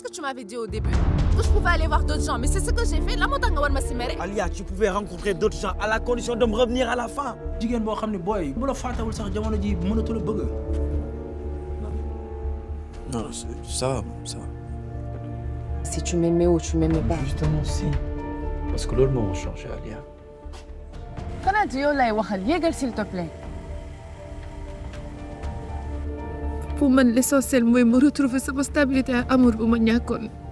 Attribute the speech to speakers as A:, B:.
A: Qu'est-ce que tu m'avais dit au début Que je pouvais aller voir d'autres gens, mais c'est ce que j'ai fait. La montagne Alia,
B: tu pouvais rencontrer d'autres gens à la condition de me revenir à la fin. Jigen bo xamni boy, bu la fatawul sax jamono ji mënatu la
C: bëgg.
D: Non, ça va, ça va.
E: Si tu m'aimais ou tu m'aimais pas. Justement si.
C: Parce que l'autre m'a changé, Alia.
F: Kanadu, tu yow lay waxal, yégal s'il te plaît.
G: pour man l'essentiel mooy ma retrouver sama stabilité ak amour bu ma ñàkkoon